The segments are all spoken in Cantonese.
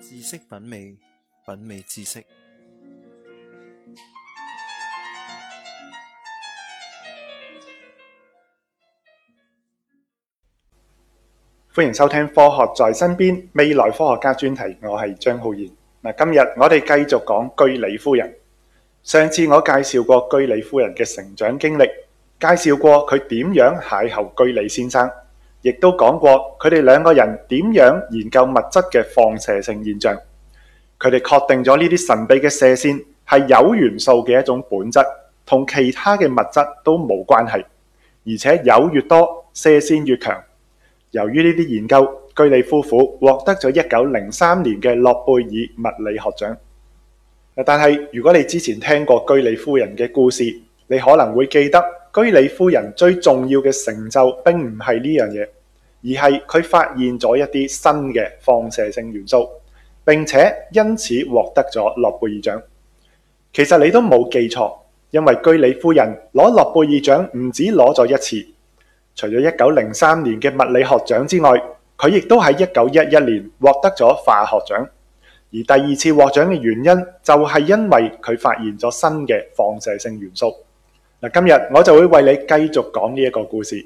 知識品味，品味知識。歡迎收聽《科學在身邊》未來科學家專題，我係張浩然。嗱，今日我哋繼續講居里夫人。上次我介紹過居里夫人嘅成長經歷，介紹過佢點樣邂逅居里先生。.亦都講過，佢哋兩個人點樣研究物質嘅放射性現象。佢哋確定咗呢啲神秘嘅射線係鈾元素嘅一種本質，同其他嘅物質都冇關係，而且鈾越多，射線越強。由於呢啲研究，居里夫婦獲得咗一九零三年嘅諾貝爾物理學獎。嗱，但係如果你之前聽過居里夫人嘅故事，你可能會記得居里夫人最重要嘅成就並唔係呢樣嘢。而係佢發現咗一啲新嘅放射性元素，並且因此獲得咗諾貝爾獎。其實你都冇記錯，因為居里夫人攞諾貝爾獎唔止攞咗一次，除咗一九零三年嘅物理學獎之外，佢亦都喺一九一一年獲得咗化學獎。而第二次獲獎嘅原因就係因為佢發現咗新嘅放射性元素。嗱，今日我就會為你繼續講呢一個故事。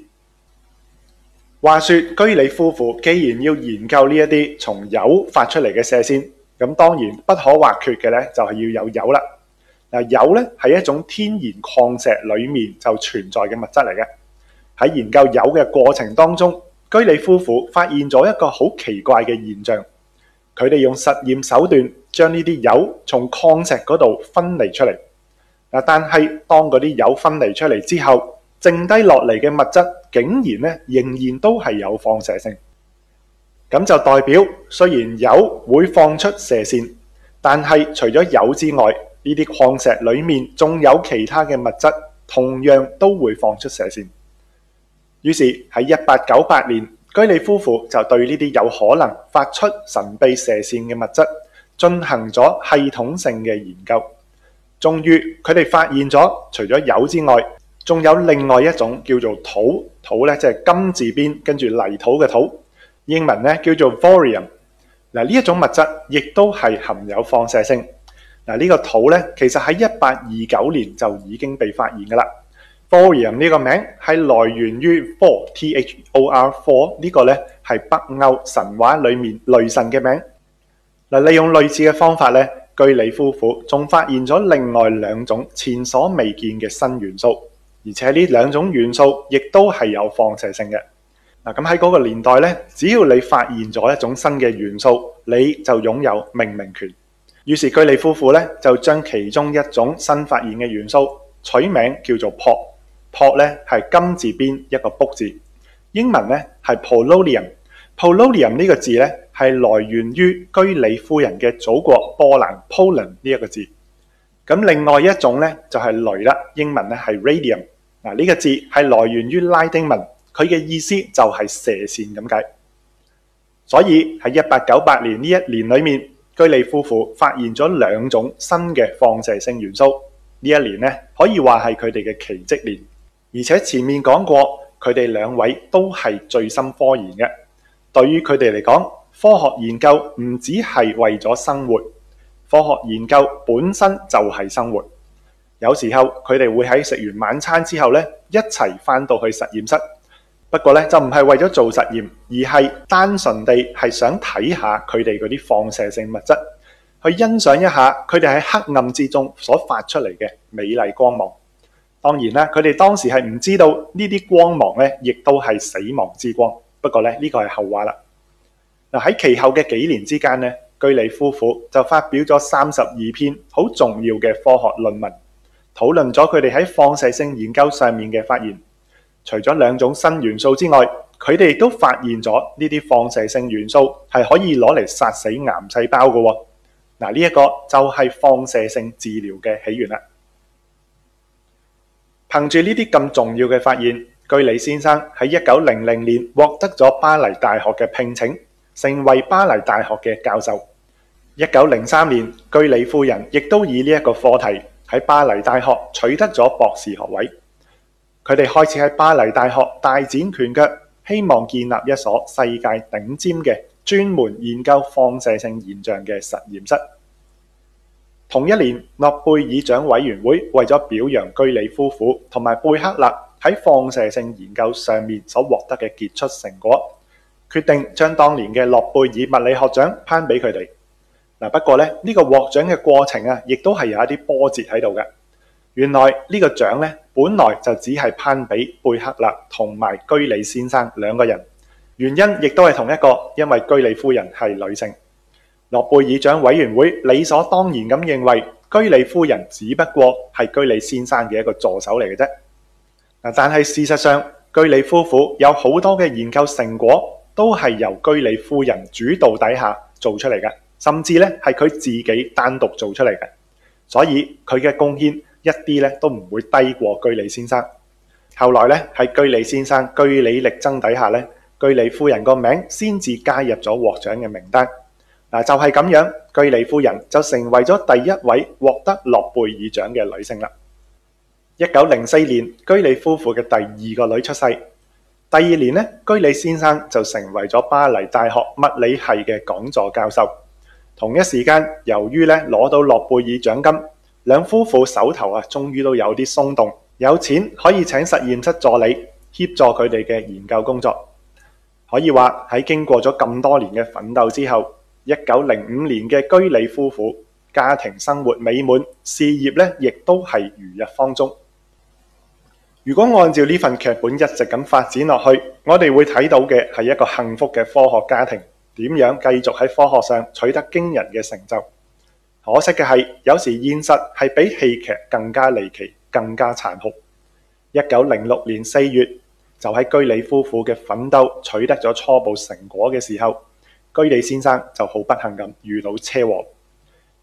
話說居里夫婦既然要研究呢一啲從鈾發出嚟嘅射線，咁當然不可或缺嘅咧就係要有鈾啦。嗱，鈾咧係一種天然礦石裏面就存在嘅物質嚟嘅。喺研究鈾嘅過程當中，居里夫婦發現咗一個好奇怪嘅現象。佢哋用實驗手段將呢啲鈾從礦石嗰度分離出嚟。但係當嗰啲鈾分離出嚟之後，剩低落嚟嘅物質，竟然咧仍然都係有放射性，咁就代表雖然鈾會放出射線，但係除咗鈾之外，呢啲礦石裡面仲有其他嘅物質，同樣都會放出射線。於是喺一八九八年，居里夫婦就對呢啲有可能發出神秘射線嘅物質進行咗系統性嘅研究，終於佢哋發現咗除咗鈾之外，仲有另外一種叫做土土咧，即係金字邊跟住泥土嘅土，英文咧叫做 Thorium。嗱，呢一種物質亦都係含有放射性。嗱，呢個土咧，其實喺一八二九年就已經被發現噶啦。Thorium 呢個名係來源於 Thor, T-H-O-R, Thor 呢個咧係北歐神話裡面雷神嘅名。嗱，利用類似嘅方法咧，居里夫婦仲發現咗另外兩種前所未見嘅新元素。而且呢兩種元素亦都係有放射性嘅。嗱，咁喺嗰個年代咧，只要你發現咗一種新嘅元素，你就擁有命名權。於是居里夫婦咧就將其中一種新發現嘅元素取名叫做釙。釙咧係金字邊一個卜字，英文咧係 polonium。polonium 呢個字咧係來源於居里夫人嘅祖國波蘭 poland 呢一個字。咁另外一種咧就係鐳啦，英文咧係 radium。嗱，呢個字係來源於拉丁文，佢嘅意思就係射線咁解。所以喺一八九八年呢一年裏面，居里夫婦發現咗兩種新嘅放射性元素。呢一年呢，可以話係佢哋嘅奇蹟年。而且前面講過，佢哋兩位都係醉心科研嘅。對於佢哋嚟講，科學研究唔只係為咗生活，科學研究本身就係生活。有時候佢哋會喺食完晚餐之後咧，一齊翻到去實驗室。不過咧就唔係為咗做實驗，而係單純地係想睇下佢哋嗰啲放射性物質，去欣賞一下佢哋喺黑暗之中所發出嚟嘅美麗光芒。當然啦，佢哋當時係唔知道呢啲光芒咧，亦都係死亡之光。不過咧呢個係後話啦。嗱，喺其後嘅幾年之間咧，居里夫婦就發表咗三十二篇好重要嘅科學論文。討論咗佢哋喺放射性研究上面嘅發現，除咗兩種新元素之外，佢哋都發現咗呢啲放射性元素係可以攞嚟殺死癌細胞嘅喎。嗱，呢一個就係放射性治療嘅起源啦。憑住呢啲咁重要嘅發現，居里先生喺一九零零年獲得咗巴黎大學嘅聘請，成為巴黎大學嘅教授。一九零三年，居里夫人亦都以呢一個課題，喺巴黎大學取得咗博士學位，佢哋開始喺巴黎大學大展拳腳，希望建立一所世界頂尖嘅專門研究放射性現象嘅實驗室。同一年，諾貝爾獎委員會為咗表揚居里夫婦同埋貝克勒喺放射性研究上面所獲得嘅傑出成果，決定將當年嘅諾貝爾物理學獎頒俾佢哋。嗱，不過咧，呢個獲獎嘅過程啊，亦都係有一啲波折喺度嘅。原來呢個獎咧，本來就只係頒畀貝克勒同埋居里先生兩個人，原因亦都係同一個，因為居里夫人係女性。諾貝爾獎委員會理所當然咁認為，居里夫人只不過係居里先生嘅一個助手嚟嘅啫。嗱，但係事實上，居里夫婦有好多嘅研究成果都係由居里夫人主導底下做出嚟嘅。甚至咧，係佢自己單獨做出嚟嘅，所以佢嘅貢獻一啲咧都唔會低過居里先生。後來咧，喺居里先生據理力爭底下咧，居里夫人個名先至加入咗獲獎嘅名單。嗱，就係咁樣，居里夫人就成為咗第一位獲得諾貝爾獎嘅女性啦。一九零四年，居里夫婦嘅第二個女出世，第二年咧，居里先生就成為咗巴黎大學物理系嘅講座教授。同一時間，由於咧攞到諾貝爾獎金，兩夫婦手頭啊，終於都有啲鬆動，有錢可以請實驗室助理協助佢哋嘅研究工作。可以話喺經過咗咁多年嘅奮鬥之後，一九零五年嘅居里夫婦家庭生活美滿，事業咧亦都係如日方中。如果按照呢份劇本一直咁發展落去，我哋會睇到嘅係一個幸福嘅科學家庭。點樣繼續喺科學上取得驚人嘅成就？可惜嘅係，有時現實係比戲劇更加離奇、更加殘酷。一九零六年四月，就喺居里夫婦嘅奮鬥取得咗初步成果嘅時候，居里先生就好不幸咁遇到車禍。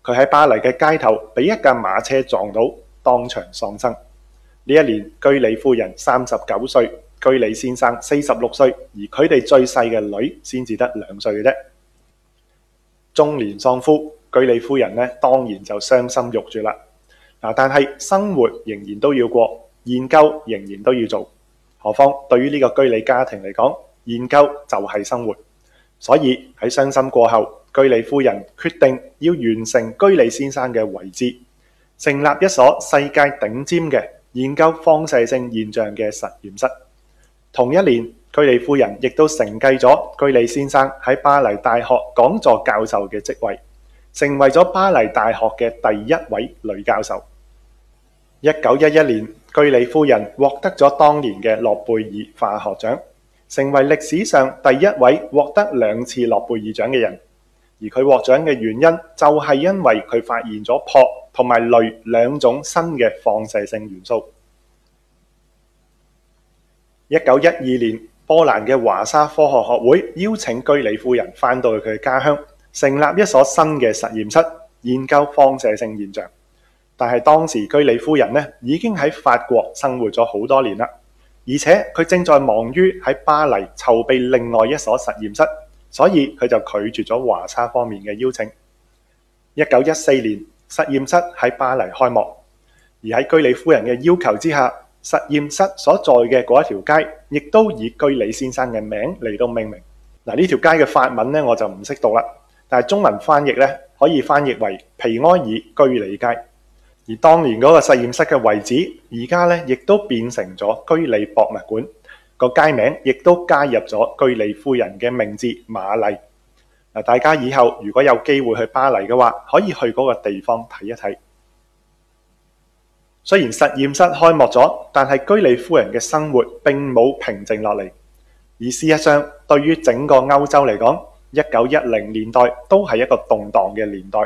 佢喺巴黎嘅街頭俾一架馬車撞到，當場喪生。呢一年，居里夫人三十九歲。居里先生四十六歲，而佢哋最細嘅女先至得兩歲嘅啫。中年喪夫，居里夫人呢，當然就傷心欲絕啦。嗱，但係生活仍然都要過，研究仍然都要做。何況對於呢個居里家庭嚟講，研究就係生活。所以喺傷心過後，居里夫人決定要完成居里先生嘅遺志，成立一所世界頂尖嘅研究放射性現象嘅實驗室。同一年，居里夫人亦都承繼咗居里先生喺巴黎大學講座教授嘅職位，成為咗巴黎大學嘅第一位女教授。1912年，波蘭嘅華沙科學學會邀請居里夫人返到佢嘅家鄉，成立一所新嘅實驗室，研究放射性現象。但係當時居里夫人呢已經喺法國生活咗好多年喇，而且佢正在忙於喺巴黎籌備另外一所實驗室，所以佢就拒絕咗華沙方面嘅邀請。1914年，實驗室喺巴黎開幕，而喺居里夫人嘅要求之下,實驗室所在嘅嗰一條街，亦都以居里先生嘅名嚟到命名。雖然實驗室開幕咗，但係居里夫人嘅生活並冇平靜落嚟。而事實上，對於整個歐洲嚟講，一九一零年代都係一個動盪嘅年代，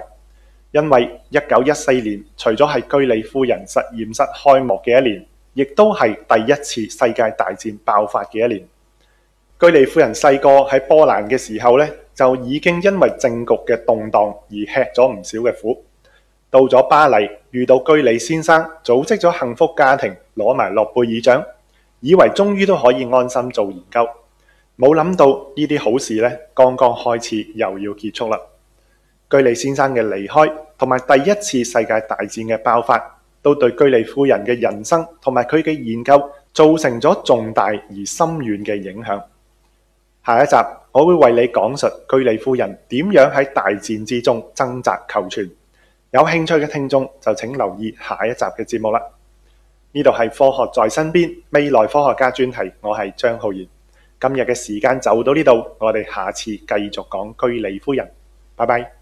因為一九一四年除咗係居里夫人實驗室開幕嘅一年，亦都係第一次世界大戰爆發嘅一年。居里夫人細個喺波蘭嘅時候咧，就已經因為政局嘅動盪而吃咗唔少嘅苦。到咗巴黎，遇到居里先生，組織咗幸福家庭，攞埋諾貝爾獎，以為終於都可以安心做研究，冇諗到呢啲好事咧，剛剛開始又要結束啦。居里先生嘅離開同埋第一次世界大戰嘅爆發，都對居里夫人嘅人生同埋佢嘅研究造成咗重大而深遠嘅影響。下一集我會為你講述居里夫人點樣喺大戰之中掙扎求存。有興趣嘅聽眾就請留意下一集嘅節目啦。呢度係科學在身邊未來科學家專題，我係張浩然。今日嘅時間就到呢度，我哋下次繼續講居里夫人。拜拜。